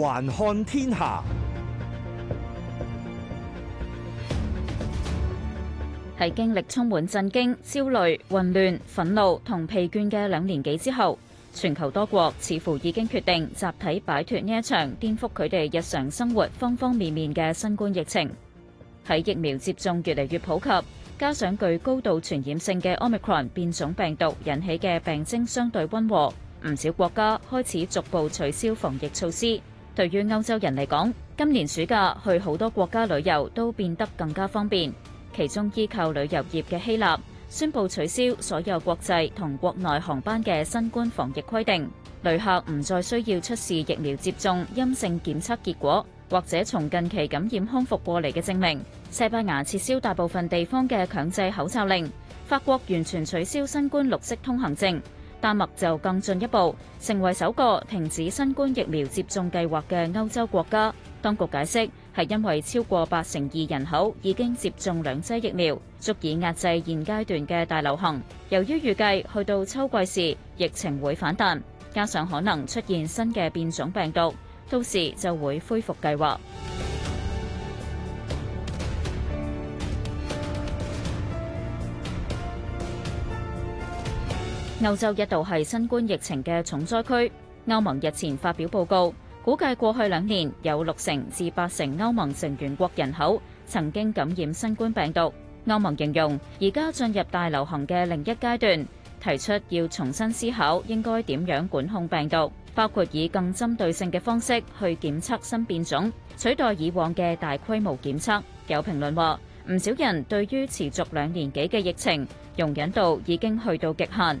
環看天下，喺經歷充滿震驚、焦慮、混亂、憤怒同疲倦嘅兩年幾之後，全球多國似乎已經決定集體擺脫呢一場顛覆佢哋日常生活方方面面嘅新冠疫情。喺疫苗接種越嚟越普及，加上具高度傳染性嘅 Omicron 變種病毒引起嘅病徵相對溫和，唔少國家開始逐步取消防疫措施。對於歐洲人嚟講，今年暑假去好多國家旅遊都變得更加方便。其中，依靠旅遊業嘅希臘宣佈取消所有國際同國內航班嘅新冠防疫規定，旅客唔再需要出示疫苗接種、陰性檢測結果或者從近期感染康復過嚟嘅證明。西班牙撤銷大部分地方嘅強制口罩令，法國完全取消新冠綠色通行證。丹麥就更進一步，成為首個停止新冠疫苗接種計劃嘅歐洲國家。當局解釋係因為超過八成二人口已經接種兩劑疫苗，足以壓制現階段嘅大流行。由於預計去到秋季時疫情會反彈，加上可能出現新嘅變種病毒，到時就會恢復計劃。歐洲一度係新冠疫情嘅重災區。歐盟日前發表報告，估計過去兩年有六成至八成歐盟成員國人口曾經感染新冠病毒。歐盟形容而家進入大流行嘅另一階段，提出要重新思考應該點樣管控病毒，包括以更針對性嘅方式去檢測新變種，取代以往嘅大規模檢測。有評論話，唔少人對於持續兩年幾嘅疫情容忍度已經去到極限。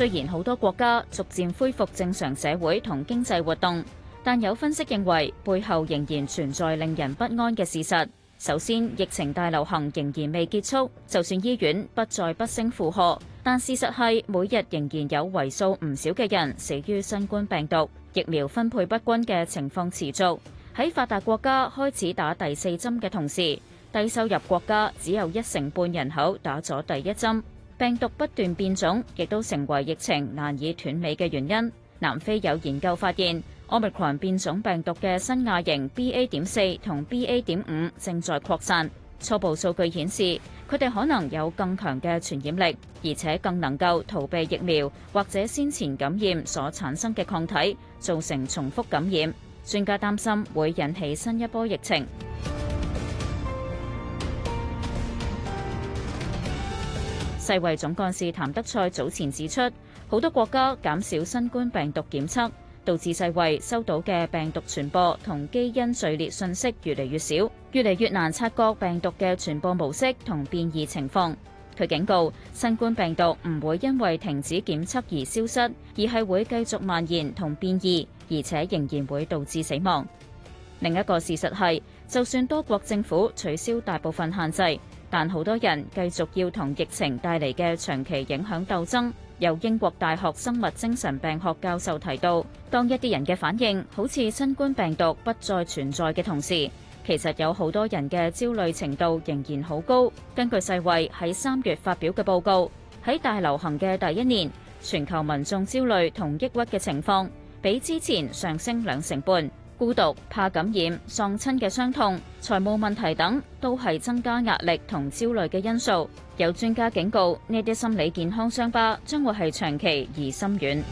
雖然好多國家逐漸恢復正常社會同經濟活動，但有分析認為，背後仍然存在令人不安嘅事實。首先，疫情大流行仍然未結束，就算醫院不再不勝負荷，但事實係每日仍然有為數唔少嘅人死於新冠病毒。疫苗分配不均嘅情況持續。喺發達國家開始打第四針嘅同時，低收入國家只有一成半人口打咗第一針。病毒不斷變種，亦都成為疫情難以斷尾嘅原因。南非有研究發現，奧密克戎變種病毒嘅新亞型 BA 點四同 BA 點五正在擴散。初步數據顯示，佢哋可能有更強嘅傳染力，而且更能夠逃避疫苗或者先前感染所產生嘅抗體，造成重複感染。專家擔心會引起新一波疫情。世衛總幹事譚德賽早前指出，好多國家減少新冠病毒檢測，導致世衛收到嘅病毒傳播同基因序列信息越嚟越少，越嚟越難察覺病毒嘅傳播模式同變異情況。佢警告，新冠病毒唔會因為停止檢測而消失，而係會繼續蔓延同變異，而且仍然會導致死亡。另一個事實係，就算多國政府取消大部分限制。但好多人繼續要同疫情帶嚟嘅長期影響鬥爭，有英國大學生物精神病學教授提到，當一啲人嘅反應好似新冠病毒不再存在嘅同時，其實有好多人嘅焦慮程度仍然好高。根據世衛喺三月發表嘅報告，喺大流行嘅第一年，全球民眾焦慮同抑鬱嘅情況比之前上升兩成半。孤獨、怕感染、喪親嘅傷痛、財務問題等，都係增加壓力同焦慮嘅因素。有專家警告，呢啲心理健康傷疤將會係長期而深遠。